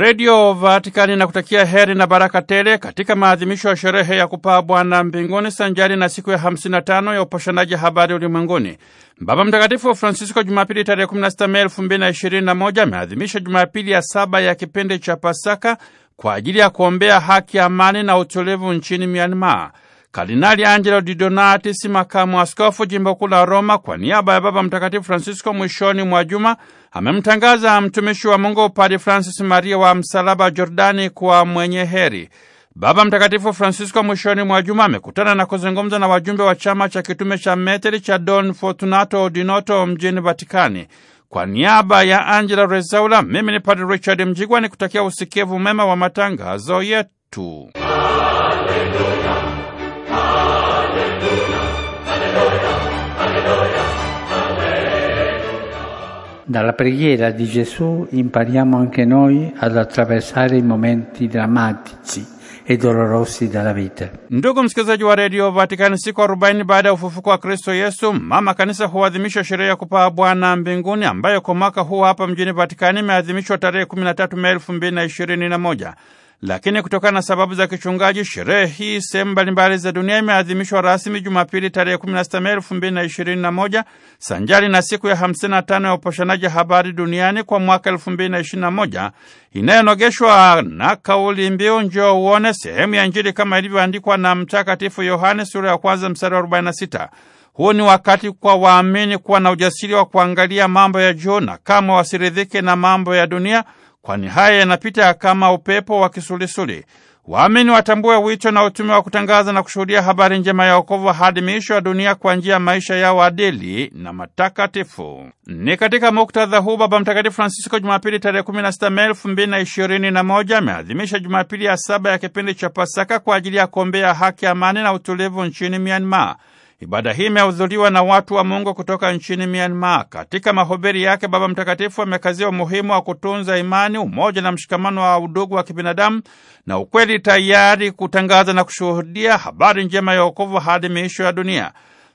Redio Vatikani na kutakia heri na baraka tele katika maadhimisho ya sherehe ya kupaa Bwana mbinguni sanjari na siku ya 55 ya upashanaji habari ulimwenguni. Baba Mtakatifu wa Francisco Jumapili tarehe 16 Mei 2021 ameadhimisha Jumapili ya saba ya kipindi cha Pasaka kwa ajili ya kuombea haki, amani na utulivu nchini Myanmar. Kardinali Angelo Di Donatis, makamu askofu jimbo kuu la Roma, kwa niaba ya Baba Mtakatifu Francisco, mwishoni mwa juma amemtangaza mtumishi wa Mungu Padre Francis Maria wa Msalaba Jordani kuwa mwenye heri. Baba Mtakatifu Francisco mwishoni mwa juma amekutana na kuzungumza na wajumbe wa chama cha kitume cha meteri cha Don Fortunato dinoto mjini Vatikani. Kwa niaba ya Angela Rezaula, mimi ni Padre Richard Mjigwa ni kutakia usikivu mema wa matangazo yetu. Hallelujah. Dalla preghiera di Gesù impariamo anche noi ad attraversare i momenti drammatici e dolorosi della vita. Ndugu msikilizaji wa redio Vatikani, siku arobaini baada ya ufufuko wa Kristo Yesu, mama kanisa huadhimisha sherehe ya kupaa Bwana mbinguni ambayo kwa mwaka huu hapa mjini Vatikani imeadhimishwa tarehe 13 Mei 2021. Lakini kutokana na sababu za kichungaji, sherehe hii sehemu mbalimbali za dunia imeadhimishwa rasmi Jumapili tarehe 16 Mei 2021 sanjari na siku ya 55 ya uposhanaji habari duniani kwa mwaka 2021 inayonogeshwa na kauli mbiu njoo uone, sehemu ya Injili kama ilivyoandikwa na Mtakatifu Yohane sura ya kwanza mstari wa 46. Huu ni wakati kwa waamini kuwa na ujasiri wa kuangalia mambo ya juu na kama wasiridhike na mambo ya dunia kwani haya yanapita kama upepo wa kisulisuli. Waamini watambue wito na utume wa kutangaza na kushuhudia habari njema ya wokovu hadi miisho ya dunia kwa njia ya maisha yao adili na matakatifu. Ni katika muktadha huu Baba Mtakatifu Francisco Jumapili tarehe 16 Mei 2021 ameadhimisha Jumapili ya saba ya kipindi cha Pasaka kwa ajili ya kuombea haki, amani na utulivu nchini Myanmar. Ibada hii imehudhuriwa na watu wa Mungu kutoka nchini Myanmar. Katika mahubiri yake, Baba Mtakatifu amekazia umuhimu wa kutunza imani, umoja na mshikamano wa udugu wa kibinadamu na ukweli, tayari kutangaza na kushuhudia habari njema ya wokovu hadi miisho ya dunia.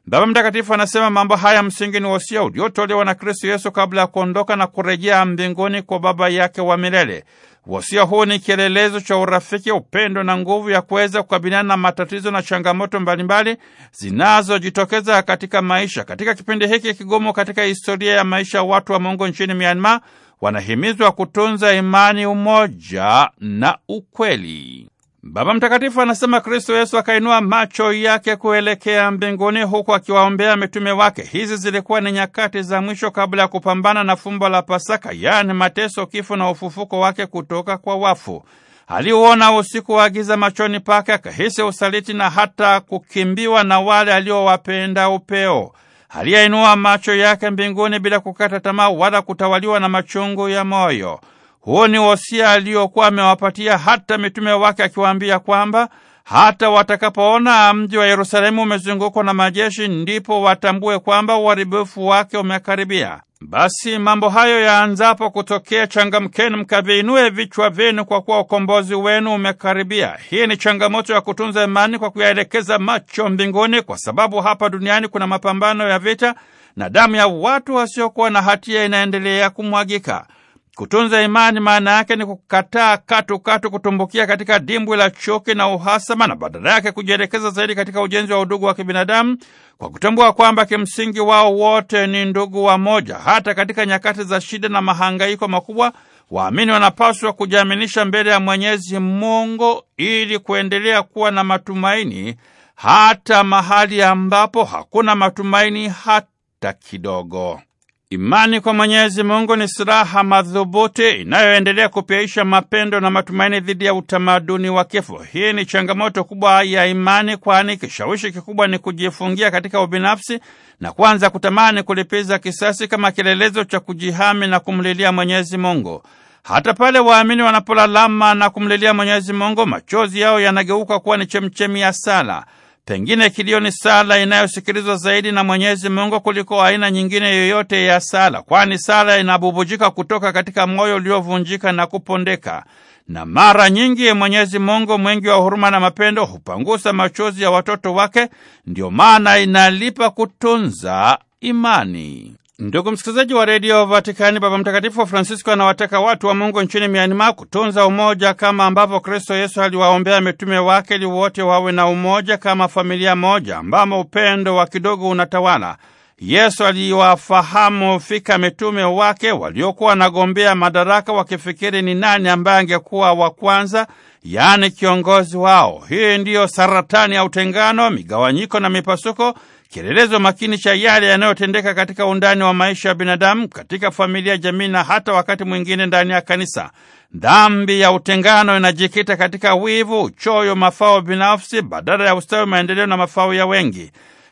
Baba Mtakatifu anasema mambo haya msingi ni wosia uliotolewa na Kristo Yesu kabla ya kuondoka na kurejea mbinguni kwa Baba yake wa milele. Wosia huu ni kielelezo cha urafiki, upendo na nguvu ya kuweza kukabiliana na matatizo na changamoto mbalimbali zinazojitokeza katika maisha. Katika kipindi hiki kigumu katika historia ya maisha ya watu wa Mungu nchini Myanmar, wanahimizwa kutunza imani, umoja na ukweli. Baba Mtakatifu anasema Kristo Yesu akainua macho yake kuelekea mbinguni huku akiwaombea mitume wake. Hizi zilikuwa ni nyakati za mwisho kabla ya kupambana na fumbo la Pasaka, yaani mateso, kifo na ufufuko wake kutoka kwa wafu. Aliuona usiku wa giza machoni pake, akahisi usaliti na hata kukimbiwa na wale aliowapenda upeo. Aliyeinua macho yake mbinguni bila kukata tamaa wala kutawaliwa na machungu ya moyo huu ni wosia aliokuwa amewapatia hata mitume wake, akiwaambia kwamba hata watakapoona mji wa Yerusalemu umezungukwa na majeshi, ndipo watambue kwamba uharibifu wake umekaribia. Basi mambo hayo yaanzapo kutokea, changamkeni mkaviinue vichwa vyenu, kwa kuwa ukombozi wenu umekaribia. Hii ni changamoto ya kutunza imani kwa kuyaelekeza macho mbinguni, kwa sababu hapa duniani kuna mapambano ya vita na damu ya watu wasiokuwa na hatia inaendelea kumwagika. Kutunza imani maana yake ni kukataa katu katu kutumbukia katika dimbwi la chuki na uhasama na badala yake kujielekeza zaidi katika ujenzi wa udugu wa kibinadamu kwa kutambua kwamba kimsingi wao wote ni ndugu wamoja. Hata katika nyakati za shida na mahangaiko makubwa, waamini wanapaswa kujiaminisha mbele ya Mwenyezi Mungu ili kuendelea kuwa na matumaini hata mahali ambapo hakuna matumaini hata kidogo. Imani kwa Mwenyezi Mungu ni silaha madhubuti inayoendelea kupyaisha mapendo na matumaini dhidi ya utamaduni wa kifo. Hii ni changamoto kubwa ya imani, kwani kishawishi kikubwa ni kujifungia katika ubinafsi na kuanza kutamani kulipiza kisasi kama kielelezo cha kujihami na kumlilia Mwenyezi Mungu. Hata pale waamini wanapolalama na kumlilia Mwenyezi Mungu, machozi yao yanageuka kuwa ni chemchemi ya sala. Pengine kilio ni sala inayosikilizwa zaidi na Mwenyezi Mungu kuliko aina nyingine yoyote ya sala, kwani sala inabubujika kutoka katika moyo uliovunjika na kupondeka. Na mara nyingi Mwenyezi Mungu mwingi wa huruma na mapendo hupangusa machozi ya watoto wake, ndiyo maana inalipa kutunza imani. Ndugu msikilizaji wa redio Vatikani, Baba Mtakatifu Francisco anawataka watu wa Mungu nchini Myanmar kutunza umoja kama ambavyo Kristo Yesu aliwaombea mitume wake ili wote wawe na umoja kama familia moja ambamo upendo wa kidogo unatawala. Yesu aliwafahamu fika mitume wake waliokuwa wanagombea madaraka wakifikiri ni nani ambaye angekuwa wa kwanza, yaani kiongozi wao. Hii ndiyo saratani ya utengano, migawanyiko na mipasuko kielelezo makini cha yale yanayotendeka katika undani wa maisha ya binadamu, katika familia, jamii na hata wakati mwingine ndani ya kanisa. Dhambi ya utengano inajikita katika wivu, choyo mafao binafsi badala ya ustawi, maendeleo na mafao ya wengi.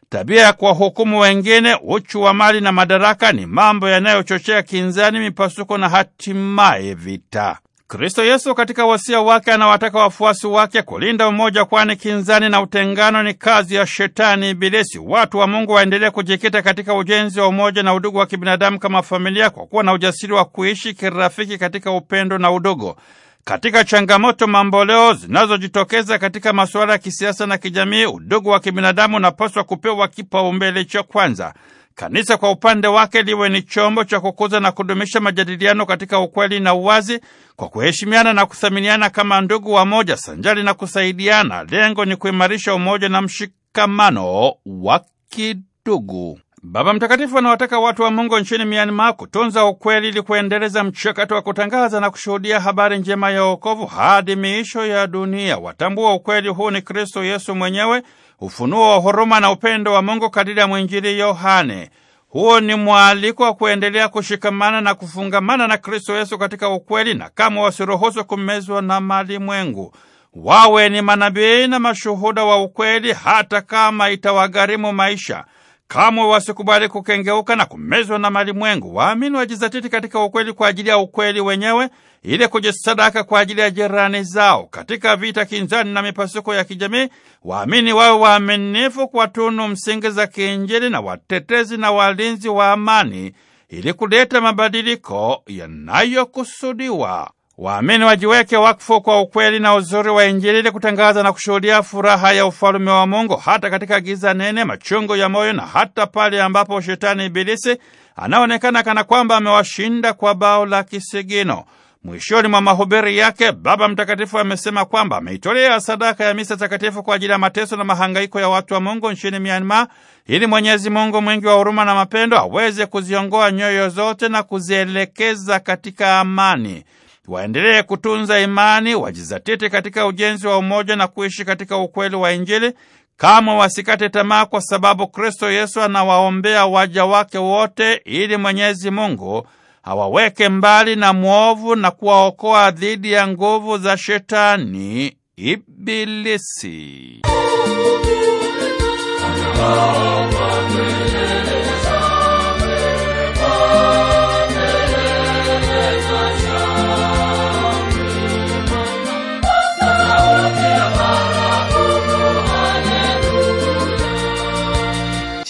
Tabia ya kuwahukumu wengine, uchu wa mali na madaraka ni mambo yanayochochea kinzani, mipasuko na hatimaye vita. Kristo Yesu katika wasia wake anawataka wafuasi wake kulinda umoja, kwani kinzani na utengano ni kazi ya shetani Ibilisi. Watu wa Mungu waendelee kujikita katika ujenzi wa umoja na udugu wa kibinadamu kama familia, kwa kuwa na ujasiri wa kuishi kirafiki katika upendo na udugu. Katika changamoto mamboleo zinazojitokeza katika masuala ya kisiasa na kijamii, udugu wa kibinadamu unapaswa kupewa kipaumbele cha kwanza. Kanisa kwa upande wake liwe ni chombo cha kukuza na kudumisha majadiliano katika ukweli na uwazi kwa kuheshimiana na kuthaminiana kama ndugu wamoja sanjali na kusaidiana. Lengo ni kuimarisha umoja na mshikamano wa kidugu. Baba Mtakatifu anawataka watu wa Mungu nchini Myanmar kutunza ukweli ili kuendeleza mchakato wa kutangaza na kushuhudia habari njema ya wokovu hadi miisho ya dunia. Watambua ukweli huu ni Kristo Yesu mwenyewe ufunuo wa huruma na upendo wa Mungu kadiri ya mwinjili Yohane. Huo ni mwaliko wa kuendelea kushikamana na kufungamana na Kristo Yesu katika ukweli, na kama wasiruhusu kumezwa na malimwengu. Wawe ni manabii na mashuhuda wa ukweli, hata kama itawagharimu maisha kamwe wasikubali kukengeuka na kumezwa na malimwengu. Waamini wajizatiti katika ukweli kwa ajili ya ukweli wenyewe, ili kujisadaka kwa ajili ya jirani zao. Katika vita kinzani na mipasuko ya kijamii, waamini wawe waaminifu kwa tunu msingi za kiinjili na watetezi na walinzi wa amani, ili kuleta mabadiliko yanayokusudiwa. Waamini wajiweke wakfu kwa ukweli na uzuri wa Injili ili kutangaza na kushuhudia furaha ya ufalume wa Mungu hata katika giza nene, machungu ya moyo, na hata pale ambapo shetani Ibilisi anaonekana kana kwamba amewashinda kwa bao la kisigino. Mwishoni mwa mahubiri yake, Baba Mtakatifu amesema kwamba ameitolea sadaka ya misa takatifu kwa ajili ya mateso na mahangaiko ya watu wa Mungu nchini Myanmar, ili Mwenyezi Mungu mwingi wa huruma na mapendo aweze kuziongoa nyoyo zote na kuzielekeza katika amani waendelee kutunza imani, wajizatiti katika ujenzi wa umoja na kuishi katika ukweli wa Injili, kama wasikate tamaa, kwa sababu Kristo Yesu anawaombea waja wake wote, ili Mwenyezi Mungu hawaweke mbali na mwovu na kuwaokoa dhidi ya nguvu za shetani Ibilisi.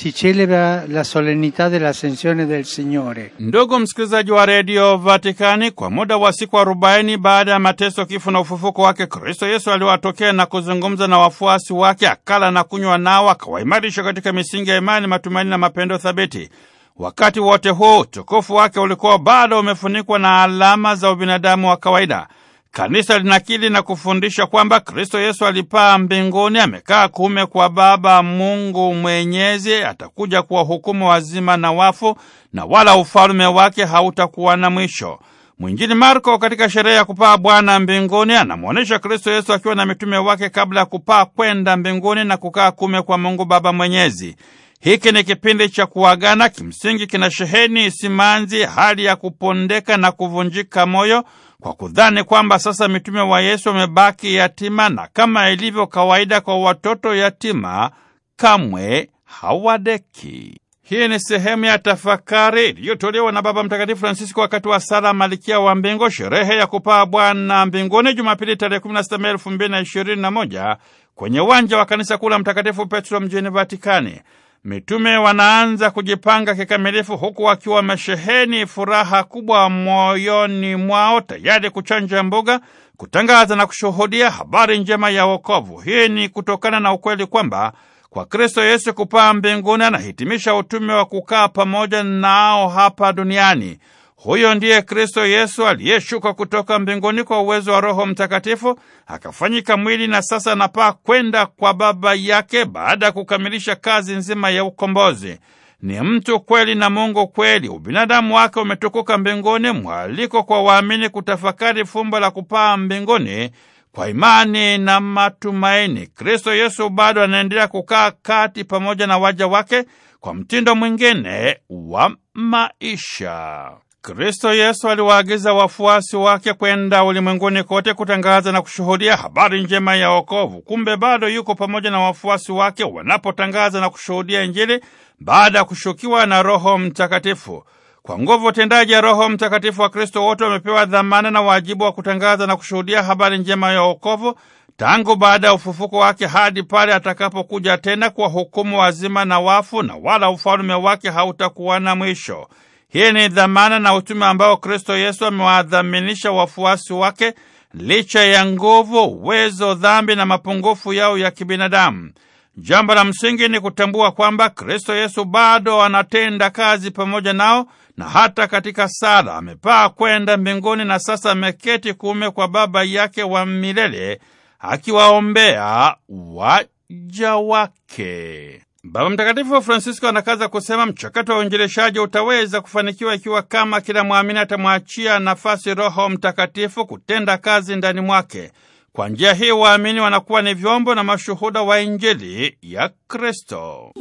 si celebra la solennità dell'ascensione del Signore. Ndugu msikilizaji wa redio Vatikani, kwa muda wa siku arobaini baada ya mateso, kifo na ufufuko wake, Kristo Yesu aliwatokea na kuzungumza na wafuasi wake, akala na kunywa nao, akawaimarisha katika misingi ya imani, matumaini na mapendo thabiti. Wakati wote huu utukufu wake ulikuwa bado umefunikwa na alama za ubinadamu wa kawaida. Kanisa linakili na kufundisha kwamba Kristo Yesu alipaa mbinguni, amekaa kuume kwa Baba Mungu Mwenyezi, atakuja kuwahukumu wazima na wafu, na wala ufalume wake hautakuwa na mwisho. Mwinjili Marko katika sherehe ya kupaa Bwana mbinguni anamwonyesha Kristo Yesu akiwa na mitume wake kabla ya kupaa kwenda mbinguni na kukaa kuume kwa Mungu Baba Mwenyezi. Hiki ni kipindi cha kuagana, kimsingi kina sheheni simanzi, hali ya kupondeka na kuvunjika moyo kwa kudhani kwamba sasa mitume wa Yesu wamebaki yatima, na kama ilivyo kawaida kwa watoto yatima, kamwe hawadeki. Hii ni sehemu ya tafakari iliyotolewa na Baba Mtakatifu Francisco wakati wa sala Malikia wa Mbingu, sherehe ya kupaa Bwana mbinguni, Jumapili tarehe 16 Mei 2021 kwenye uwanja wa kanisa kuu la Mtakatifu Petro mjini Vatikani. Mitume wanaanza kujipanga kikamilifu huku wakiwa wamesheheni furaha kubwa moyoni mwao, tayari kuchanja mbuga, kutangaza na kushuhudia habari njema ya wokovu. Hii ni kutokana na ukweli kwamba kwa Kristo Yesu kupaa mbinguni anahitimisha utume wa kukaa pamoja nao hapa duniani. Huyo ndiye Kristo Yesu aliyeshuka kutoka mbinguni kwa uwezo wa Roho Mtakatifu, akafanyika mwili na sasa anapaa kwenda kwa Baba yake baada ya kukamilisha kazi nzima ya ukombozi. Ni mtu kweli na Mungu kweli. Ubinadamu wake umetukuka mbinguni, mwaliko kwa waamini kutafakari fumbo la kupaa mbinguni kwa imani na matumaini. Kristo Yesu bado anaendelea kukaa kati pamoja na waja wake kwa mtindo mwingine wa maisha. Kristo Yesu aliwaagiza wafuasi wake kwenda ulimwenguni kote kutangaza na kushuhudia habari njema ya wokovu. Kumbe bado yuko pamoja na wafuasi wake wanapotangaza na kushuhudia Injili baada ya kushukiwa na Roho Mtakatifu. Kwa nguvu tendaji ya Roho Mtakatifu, wa Kristo wote wamepewa dhamana na wajibu wa kutangaza na kushuhudia habari njema ya wokovu tangu baada ya ufufuko wake hadi pale atakapokuja tena kwa hukumu wazima na wafu, na wala ufalume wake hautakuwa na mwisho. Hii ni dhamana na utume ambao Kristo Yesu amewadhaminisha wafuasi wake licha ya nguvu, uwezo, dhambi na mapungufu yao ya kibinadamu. Jambo la msingi ni kutambua kwamba Kristo Yesu bado anatenda kazi pamoja nao na hata katika sala amepaa kwenda mbinguni na sasa ameketi kuume kwa Baba yake wa milele akiwaombea waja wake. Baba Mtakatifu Francisco anakaza kusema mchakato wa uinjilishaji utaweza kufanikiwa ikiwa kama kila mwamini atamwachia nafasi Roho Mtakatifu kutenda kazi ndani mwake. Kwa njia hii waamini wanakuwa ni vyombo na mashuhuda wa Injili ya Kristo.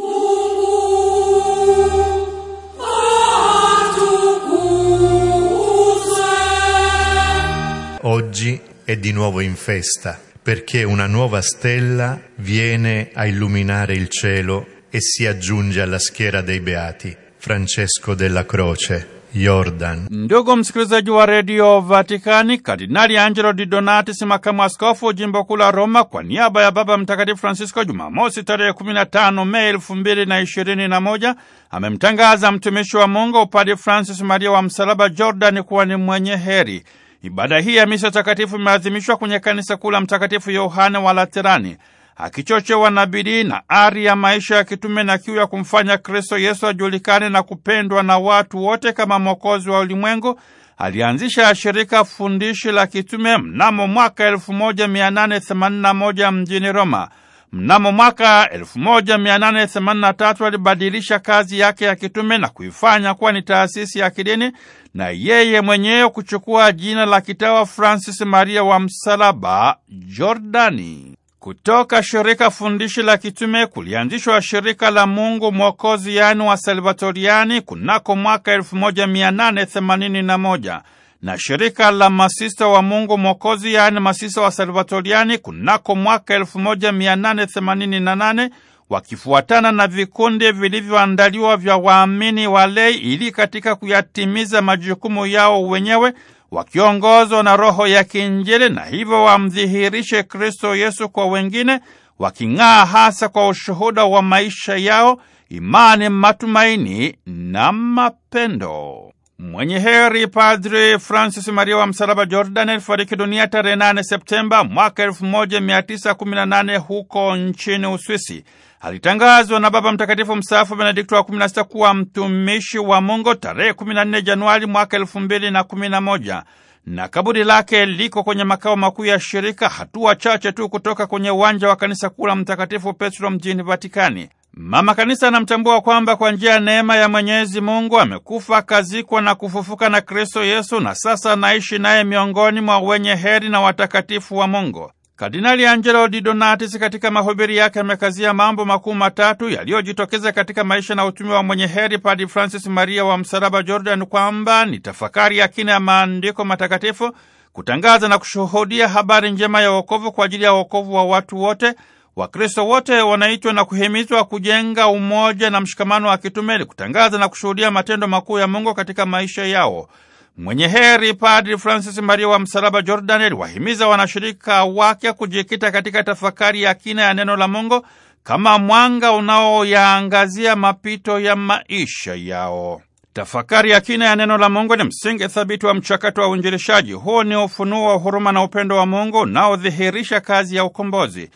Oggi è di nuovo in festa perché una nuova stella viene a illuminare il cielo e si aggiunge alla schiera dei beati. Francesco della Croce, Jordan. Ndugu msikilizaji wa redio Vatikani, Kardinali Angelo Di Donati, makamu askofu jimbo kuu la Roma, kwa niaba ya Baba Mtakatifu Francisco, Jumamosi tarehe 15 Mei elfu mbili na ishirini na moja amemtangaza mtumishi wa Mungu Padre Francis Maria wa Msalaba Jordan kuwa ni mwenye heri. Ibada hii ya misa takatifu imeadhimishwa kwenye kanisa kuu la Mtakatifu Yohane wa Laterani, akichochewa na bidii na ari ya maisha ya kitume na kiu ya kumfanya Kristo Yesu ajulikane na kupendwa na watu wote kama Mwokozi wa ulimwengu. Alianzisha shirika fundishi la kitume mnamo mwaka 1881 mjini Roma. Mnamo mwaka 1883 alibadilisha kazi yake ya kitume na kuifanya kuwa ni taasisi ya kidini na yeye mwenyewe kuchukua jina la kitawa Francis Maria wa Msalaba Jordani. Kutoka shirika fundishi la kitume kulianzishwa shirika la Mungu Mwokozi, yaani wa Salvatoriani kunako mwaka 1881 na shirika la masista wa Mungu Mwokozi, yaani masista wa Salvatoriani kunako mwaka 1888 wakifuatana na vikundi vilivyoandaliwa vya waamini walei ili katika kuyatimiza majukumu yao wenyewe wakiongozwa na roho ya kiinjili na hivyo wamdhihirishe Kristo Yesu kwa wengine waking'aa hasa kwa ushuhuda wa maisha yao, imani, matumaini na mapendo. Mwenye heri Padri Francis Maria wa Msalaba Jordan alifariki dunia tarehe 8 Septemba mwaka 1918 huko nchini Uswisi. Alitangazwa na Baba Mtakatifu mstaafu Benedikto wa 16 kuwa mtumishi wa Mungu tarehe 14 Januari mwaka 2011 na kaburi lake liko kwenye makao makuu ya shirika, hatua chache tu kutoka kwenye uwanja wa kanisa kuu la Mtakatifu Petro mjini Vatikani. Mama Kanisa anamtambua kwamba kwa njia ya neema ya Mwenyezi Mungu amekufa akazikwa na kufufuka na Kristo Yesu, na sasa anaishi naye miongoni mwa wenye heri na watakatifu wa Mungu. Kardinali Angelo Di Donatis katika mahubiri yake amekazia mambo makuu matatu yaliyojitokeza katika maisha na utumi wa mwenye heri padi Francis Maria wa Msalaba Jordan, kwamba ni tafakari ya kina ya maandiko matakatifu, kutangaza na kushuhudia habari njema ya wokovu kwa ajili ya wokovu wa watu wote Wakristo wote wanaitwa na kuhimizwa kujenga umoja na mshikamano wa kitume ili kutangaza na kushuhudia matendo makuu ya Mungu katika maisha yao. Mwenye heri Padri Francis Maria wa Msalaba Jordan aliwahimiza wanashirika wake kujikita katika tafakari ya kina ya neno la Mungu kama mwanga unaoyaangazia mapito ya maisha yao. Tafakari ya kina ya neno la Mungu ni msingi thabiti wa mchakato wa uinjilishaji. Huu ni ufunuo wa huruma na upendo wa Mungu unaodhihirisha kazi ya ukombozi.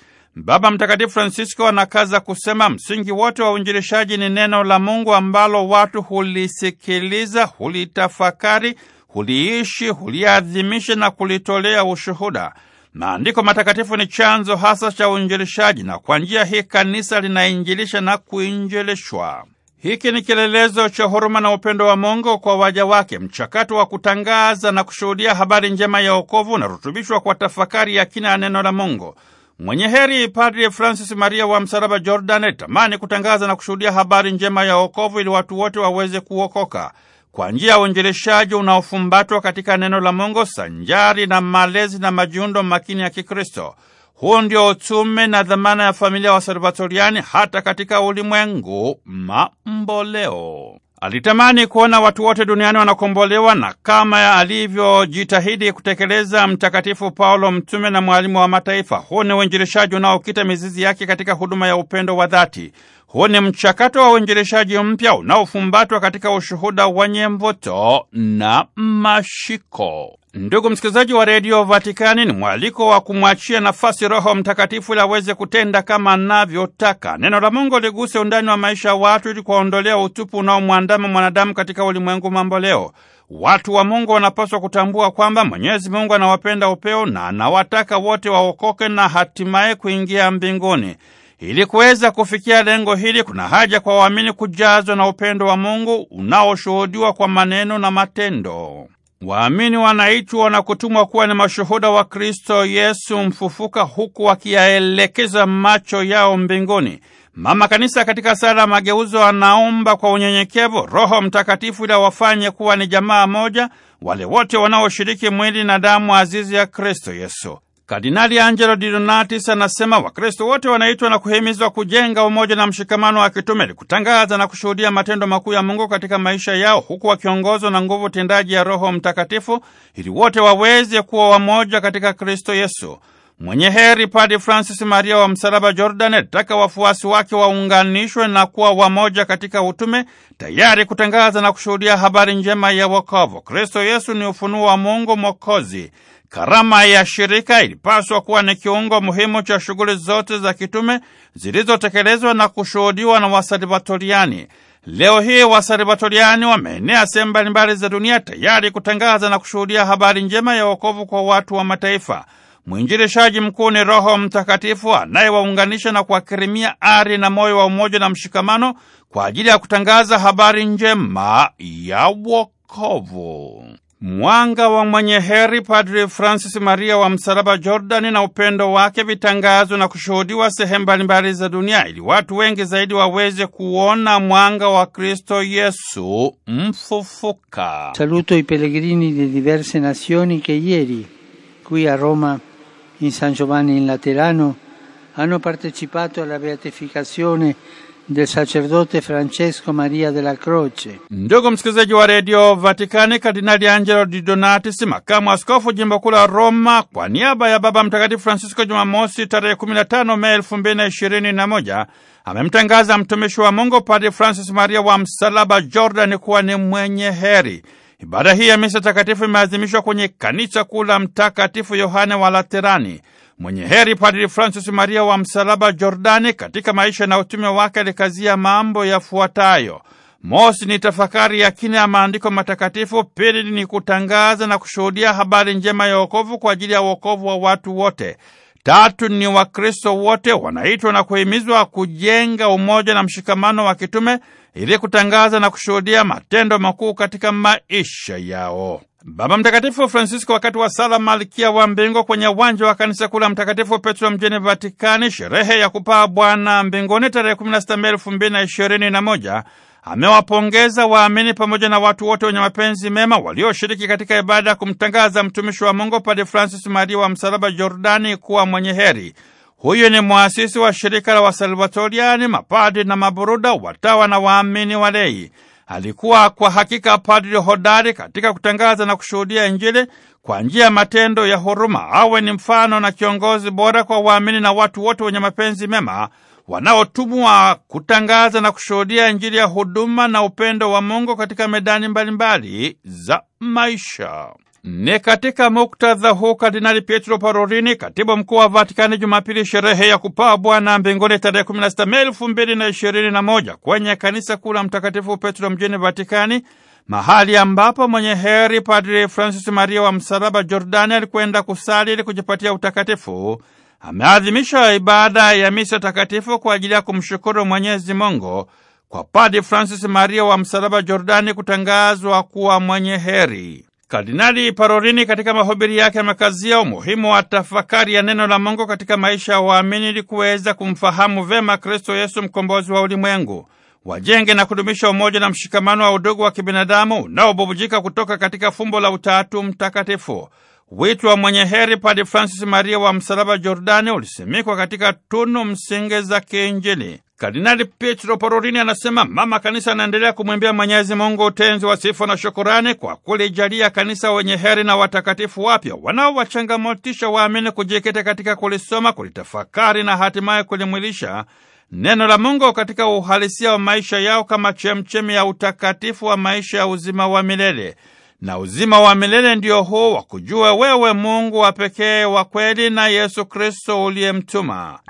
Baba Mtakatifu Francisco anakaza kusema msingi wote wa uinjilishaji ni neno la Mungu ambalo watu hulisikiliza, hulitafakari, huliishi, huliadhimisha na kulitolea ushuhuda. Maandiko matakatifu ni chanzo hasa cha uinjilishaji, na kwa njia hii kanisa linainjilisha na kuinjilishwa. Hiki ni kielelezo cha huruma na upendo wa Mungu kwa waja wake. Mchakato wa kutangaza na kushuhudia habari njema ya wokovu unarutubishwa kwa tafakari ya kina ya neno la Mungu. Mwenye heri Padri Francis Maria wa Msalaba Jordan etamani kutangaza na kushuhudia habari njema ya wokovu ili watu wote waweze kuokoka kwa njia ya uinjilishaji unaofumbatwa katika neno la Mungu sanjari na malezi na majiundo makini ya Kikristo. huo ndio utume na dhamana ya familia Salvatoriani hata katika ulimwengu mamboleo. Alitamani kuona watu wote duniani wanakombolewa na kama alivyojitahidi kutekeleza Mtakatifu Paulo mtume na mwalimu wa mataifa. Huu ni uinjilishaji unaokita mizizi yake katika huduma ya upendo wa dhati. Huu ni mchakato wa uinjilishaji mpya unaofumbatwa katika ushuhuda wenye mvuto na mashiko. Ndugu msikilizaji wa redio Vatikani, ni mwaliko wa kumwachia nafasi Roho Mtakatifu ili aweze kutenda kama anavyotaka. Neno la Mungu liguse undani wa maisha ya watu ili kuwaondolea utupu unaomwandama mwanadamu katika ulimwengu mambo leo. Watu wa Mungu wanapaswa kutambua kwamba Mwenyezi Mungu anawapenda upeo na anawataka wote waokoke na hatimaye kuingia mbinguni. Ili kuweza kufikia lengo hili, kuna haja kwa waamini kujazwa na upendo wa Mungu unaoshuhudiwa kwa maneno na matendo. Waamini wanaitwa na kutumwa kuwa ni mashuhuda wa Kristo Yesu mfufuka, huku wakiyaelekeza macho yao mbinguni. Mama Kanisa katika sala mageuzo anaomba kwa unyenyekevu Roho Mtakatifu ili wafanye kuwa ni jamaa moja wale wote wanaoshiriki mwili na damu azizi ya Kristo Yesu. Kardinali Angelo Di Donatis anasema Wakristo wote wanaitwa na kuhimizwa kujenga umoja na mshikamano wa kitume ili kutangaza na kushuhudia matendo makuu ya Mungu katika maisha yao huku wakiongozwa na nguvu tendaji ya Roho Mtakatifu ili wote waweze kuwa wamoja katika Kristo Yesu. Mwenye heri Padre Francis Maria wa Msalaba Jordan alitaka wafuasi wake waunganishwe na kuwa wamoja katika utume, tayari kutangaza na kushuhudia habari njema ya wokovu. Kristo Yesu ni ufunuo wa Mungu Mwokozi. Karama ya shirika ilipaswa kuwa ni kiungo muhimu cha shughuli zote za kitume zilizotekelezwa na kushuhudiwa na wasalivatoriani. Leo hii wasalivatoriani wameenea sehemu mbalimbali za dunia tayari kutangaza na kushuhudia habari njema ya wokovu kwa watu wa mataifa. Mwinjilishaji mkuu ni Roho Mtakatifu anayewaunganisha na kuwakirimia ari na moyo wa umoja na mshikamano kwa ajili ya kutangaza habari njema ya wokovu mwanga wa mwenye heri Padri Francis Maria wa Msalaba Jordani na upendo wake vitangazwe na kushuhudiwa sehemu mbalimbali za dunia ili watu wengi zaidi waweze kuona mwanga wa Kristo Yesu mfufuka. Saluto i pellegrini di diverse nazioni che ieri qui a Roma in San Giovanni in Laterano hanno partecipato alla beatificazione del sacerdote Francesco Maria della Croce. Ndugu msikilizaji wa redio Vatikani, Kardinali Angelo Di Donatis, makamu askofu jimbo kuu la Roma, kwa niaba ya Baba Mtakatifu Francisco, Jumamosi tarehe 15 Mei 2021 amemtangaza mtumishi wa Mungu Padre Francis Maria wa Msalaba Jordan kuwa ni mwenye heri. Ibada hii ya misa takatifu imeadhimishwa kwenye kanisa kuu la Mtakatifu Yohane wa Laterani. Mwenye heri Padri Francis Maria wa Msalaba Jordani, katika maisha na utume wake alikazia mambo yafuatayo: mosi, ni tafakari ya kina ya maandiko matakatifu; pili, ni kutangaza na kushuhudia habari njema ya wokovu kwa ajili ya wokovu wa watu wote; tatu, ni Wakristo wote wanaitwa na kuhimizwa kujenga umoja na mshikamano wa kitume ili kutangaza na kushuhudia matendo makuu katika maisha yao. Baba Mtakatifu Francisco wakati wa sala Malkia wa mbingo kwenye uwanja wa kanisa kuu la Mtakatifu Petro mjini Vatikani, sherehe ya kupaa Bwana mbingoni tarehe 16 Mei 2021, amewapongeza waamini pamoja na watu wote wenye mapenzi mema walioshiriki katika ibada ya kumtangaza mtumishi wa Mungu Padre Francis Maria wa Msalaba Jordani kuwa mwenye heri. Huyu ni mwasisi wa shirika la Wasalvatoriani, mapadi na maburuda, watawa na waamini walei. Alikuwa kwa hakika padri hodari katika kutangaza na kushuhudia Injili kwa njia ya matendo ya huruma. Awe ni mfano na kiongozi bora kwa waamini na watu wote wenye mapenzi mema wanaotumwa kutangaza na kushuhudia Injili ya huduma na upendo wa Mungu katika medani mbalimbali mbali za maisha. Ni katika muktadha huu Kardinali Pietro Parolini, katibu mkuu wa Vatikani, Jumapili sherehe ya kupaa Bwana mbinguni tarehe 16 Mei 2021 kwenye kanisa kuu la Mtakatifu Petro mjini Vatikani, mahali ambapo mwenye heri Padri Francis Maria wa Msalaba Jordani alikwenda kusali ili kujipatia utakatifu, ameadhimisha ibada ya misa takatifu kwa ajili ya kumshukuru Mwenyezi Mungu kwa Padri Francis Maria wa Msalaba Jordani kutangazwa kuwa mwenye heri. Kardinali Parolini katika mahubiri yake amekazia umuhimu wa tafakari ya neno la Mungu katika maisha ya waamini ili kuweza kumfahamu vema Kristo Yesu, mkombozi wa ulimwengu. Wajenge na kudumisha umoja na mshikamano wa udugu wa kibinadamu unaobubujika kutoka katika fumbo la Utatu Mtakatifu. Wito wa mwenye heri Padre Francis Maria wa Msalaba Jordani ulisimikwa katika tunu msingi za kiinjili. Kardinali Pietro Parolini anasema mama kanisa anaendelea kumwimbia Mwenyezi Mungu utenzi wa sifa na shukurani kwa kulijalia kanisa wenye heri na watakatifu wapya wanaowachangamotisha waamini kujikita katika kulisoma, kulitafakari na hatimaye kulimwilisha neno la Mungu katika uhalisia wa maisha yao kama chemchemi ya utakatifu wa maisha ya uzima wa milele. na uzima wa milele ndio huu wakujue wewe Mungu wa pekee wa kweli na Yesu Kristo uliyemtuma.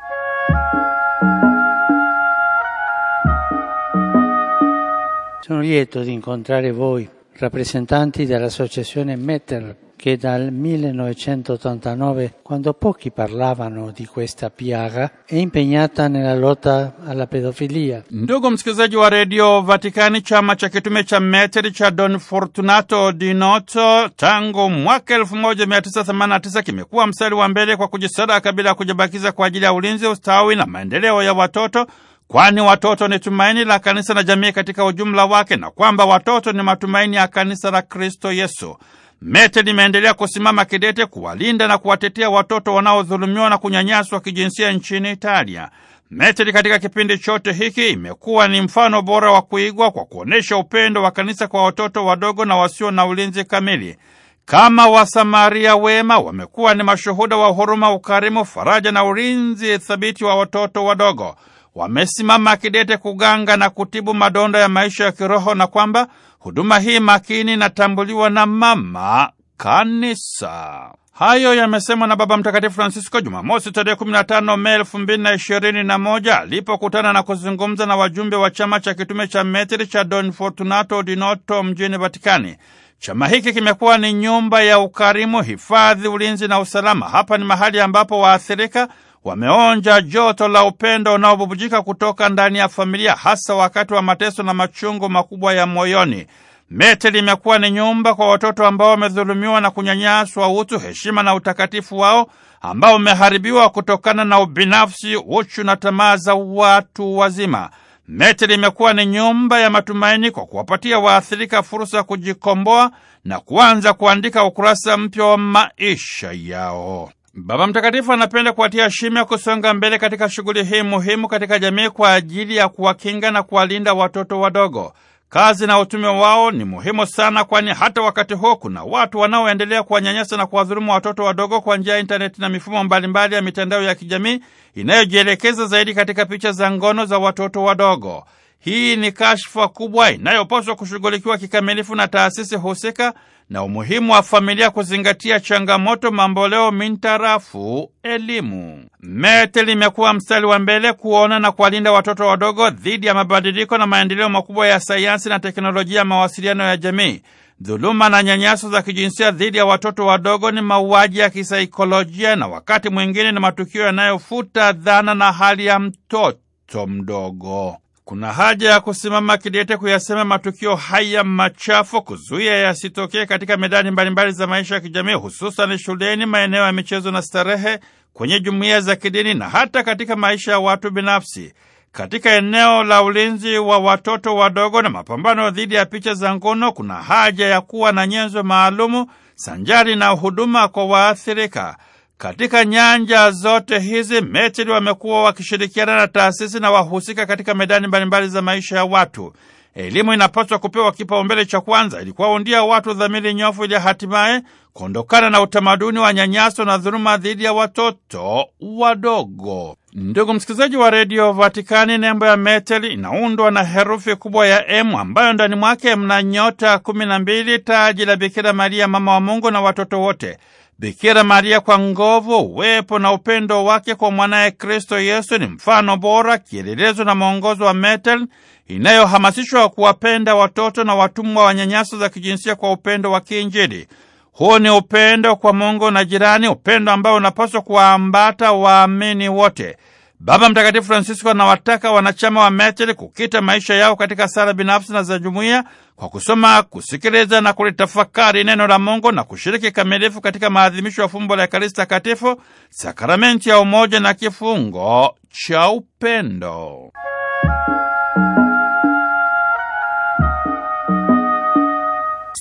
Sono lieto di incontrare voi rappresentanti dell'associazione Metal che dal 1989, quando pochi parlavano di questa piaga, è impegnata nella lotta alla pedofilia. Ndugu msikilizaji wa redio Vatikani, chama cha kitume cha metri cha Don Fortunato Dinoto tangu mwaka 1989 kimekuwa mstari wa mbele kwa kujisadaka bila kujibakiza kwa ajili ya ulinzi, ustawi na maendeleo ya watoto kwani watoto ni tumaini la kanisa na jamii katika ujumla wake, na kwamba watoto ni matumaini ya kanisa la Kristo Yesu. METE limeendelea kusimama kidete kuwalinda na kuwatetea watoto wanaodhulumiwa na kunyanyaswa kijinsia nchini Italia. Metri katika kipindi chote hiki imekuwa ni mfano bora wa kuigwa kwa kuonyesha upendo wa kanisa kwa watoto wadogo na wasio na ulinzi kamili. Kama Wasamaria wema, wamekuwa ni mashuhuda wa huruma, ukarimu, faraja na ulinzi thabiti wa watoto wadogo. Wamesimama kidete kuganga na kutibu madonda ya maisha ya kiroho na kwamba Huduma hii makini inatambuliwa na mama kanisa. Hayo yamesemwa na Baba Mtakatifu Francisco Jumamosi tarehe 15 Mei 2021 alipokutana na kuzungumza na wajumbe wa chama cha kitume cha Metri cha Don Fortunato dinoto mjini Vatikani. Chama hiki kimekuwa ni nyumba ya ukarimu, hifadhi, ulinzi na usalama. Hapa ni mahali ambapo waathirika wameonja joto la upendo unaobubujika kutoka ndani ya familia, hasa wakati wa mateso na machungu makubwa ya moyoni. Mete limekuwa ni nyumba kwa watoto ambao wamedhulumiwa na kunyanyaswa utu, heshima na utakatifu wao ambao umeharibiwa kutokana na ubinafsi, uchu na tamaa za watu wazima. Mete limekuwa ni nyumba ya matumaini kwa kuwapatia waathirika fursa ya kujikomboa na kuanza kuandika ukurasa mpya wa maisha yao. Baba Mtakatifu anapenda kuwatia shime kusonga mbele katika shughuli hii muhimu katika jamii kwa ajili ya kuwakinga na kuwalinda watoto wadogo. Kazi na utume wao ni muhimu sana, kwani hata wakati huu kuna watu wanaoendelea kuwanyanyasa na kuwadhulumu watoto wadogo kwa njia ya intaneti na mifumo mbalimbali ya mitandao ya kijamii inayojielekeza zaidi katika picha za ngono za watoto wadogo. Hii ni kashfa kubwa inayopaswa kushughulikiwa kikamilifu na taasisi husika na umuhimu wa familia kuzingatia changamoto mamboleo mintarafu elimu. MET limekuwa mstari wa mbele kuona na kuwalinda watoto wadogo dhidi ya mabadiliko na maendeleo makubwa ya sayansi na teknolojia ya mawasiliano ya jamii. Dhuluma na nyanyaso za kijinsia dhidi ya watoto wadogo ni mauaji ya kisaikolojia na wakati mwingine ni matukio yanayofuta dhana na hali ya mtoto mdogo. Kuna haja ya kusimama kidete kuyasema matukio haya machafu, kuzuia yasitokee katika medani mbalimbali za maisha ya kijamii, hususan shuleni, maeneo ya michezo na starehe, kwenye jumuiya za kidini na hata katika maisha ya watu binafsi. Katika eneo la ulinzi wa watoto wadogo na mapambano dhidi ya picha za ngono, kuna haja ya kuwa na nyenzo maalumu sanjari na huduma kwa waathirika. Katika nyanja zote hizi METEL wamekuwa wakishirikiana na taasisi na wahusika katika medani mbalimbali za maisha ya watu. Elimu inapaswa kupewa kipaumbele cha kwanza ili kuwaundia watu dhamiri nyofu ili hatimaye kuondokana na utamaduni wa nyanyaso na dhuluma dhidi ya watoto wadogo. Ndugu msikilizaji wa redio Vatikani, nembo ya METEL inaundwa na herufi kubwa ya M ambayo ndani mwake mna nyota kumi na mbili, taji la Bikira Maria mama wa Mungu na watoto wote. Bikira Maria kwa nguvu, uwepo na upendo wake kwa mwanaye Kristo Yesu ni mfano bora, kielelezo na mwongozo wa Metel inayohamasishwa kuwapenda watoto na watumwa wa nyanyasa za kijinsia kwa upendo wa kiinjili. Huu ni upendo kwa Mungu na jirani, upendo ambao unapaswa kuwaambata waamini wote. Baba Mtakatifu Francisco anawataka wanachama wa METEL kukita maisha yao katika sala binafsi na za jumuiya kwa kusoma, kusikiliza na kulitafakari neno la Mungu na kushiriki kamilifu katika maadhimisho ya fumbo la Ekaristi Takatifu, sakramenti ya umoja na kifungo cha upendo.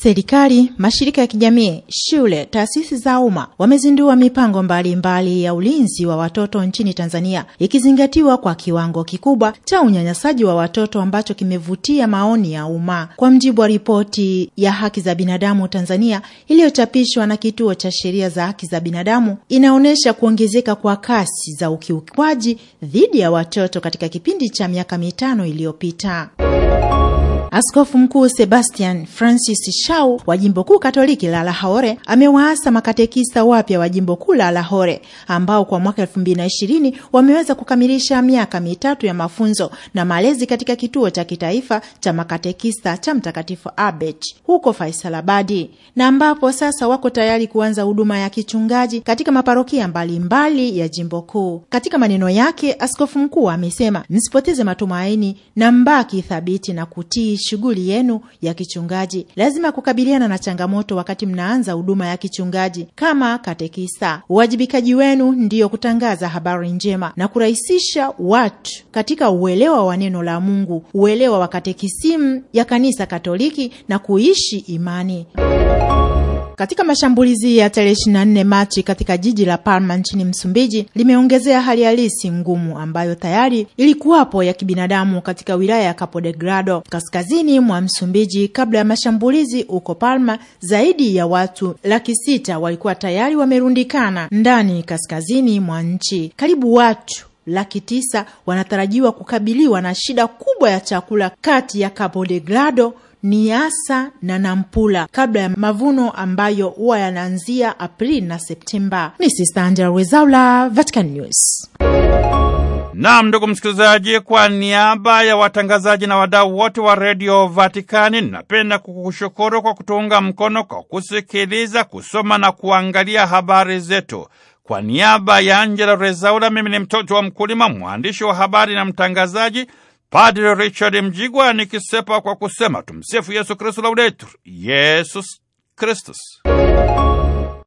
Serikali, mashirika ya kijamii, shule, taasisi za umma wamezindua mipango mbalimbali mbali ya ulinzi wa watoto nchini Tanzania, ikizingatiwa kwa kiwango kikubwa cha unyanyasaji wa watoto ambacho kimevutia maoni ya umma, kwa mjibu wa ripoti ya haki za binadamu Tanzania iliyochapishwa na Kituo cha Sheria za Haki za Binadamu, inaonyesha kuongezeka kwa kasi za ukiukwaji dhidi ya watoto katika kipindi cha miaka mitano iliyopita. Askofu Mkuu Sebastian Francis Shau wa jimbo kuu Katoliki la Lahore amewaasa makatekista wapya wa jimbo kuu la Lahore ambao kwa mwaka elfu mbili na ishirini wameweza kukamilisha miaka mitatu ya mafunzo na malezi katika kituo cha kitaifa cha makatekista cha Mtakatifu Abet huko Faisalabadi, na ambapo sasa wako tayari kuanza huduma ya kichungaji katika maparokia mbalimbali ya jimbo kuu. Katika maneno yake, askofu mkuu amesema, msipoteze matumaini na mbaki thabiti na kutii shughuli yenu ya kichungaji. Lazima kukabiliana na changamoto wakati mnaanza huduma ya kichungaji kama katekista. Uwajibikaji wenu ndiyo kutangaza habari njema na kurahisisha watu katika uelewa wa neno la Mungu, uelewa wa katekisimu ya Kanisa Katoliki na kuishi imani. Katika mashambulizi ya tarehe 24 Machi katika jiji la Palma nchini Msumbiji limeongezea hali halisi ngumu ambayo tayari ilikuwapo ya kibinadamu katika wilaya ya Cabo Delgado kaskazini mwa Msumbiji kabla ya mashambulizi huko Palma. Zaidi ya watu laki sita walikuwa tayari wamerundikana ndani kaskazini mwa nchi. Karibu watu laki tisa wanatarajiwa kukabiliwa na shida kubwa ya chakula kati ya Cabo Delgado niasa na nampula kabla ya mavuno ambayo huwa yanaanzia Aprili na Septemba. Ni Sista Angela Wezaula, Vatican News. Naam, ndugu msikilizaji, kwa niaba ya watangazaji na wadau wote wa redio Vatikani, napenda kukushukuru kwa kutuunga mkono kwa kusikiliza, kusoma na kuangalia habari zetu. Kwa niaba ya Angela Rezaula, mimi ni mtoto wa mkulima, mwandishi wa habari na mtangazaji Padre Richard Mjigwa kisepa kwa kusema tumsifu Yesu Kristu, laudetur Yesus Kristus.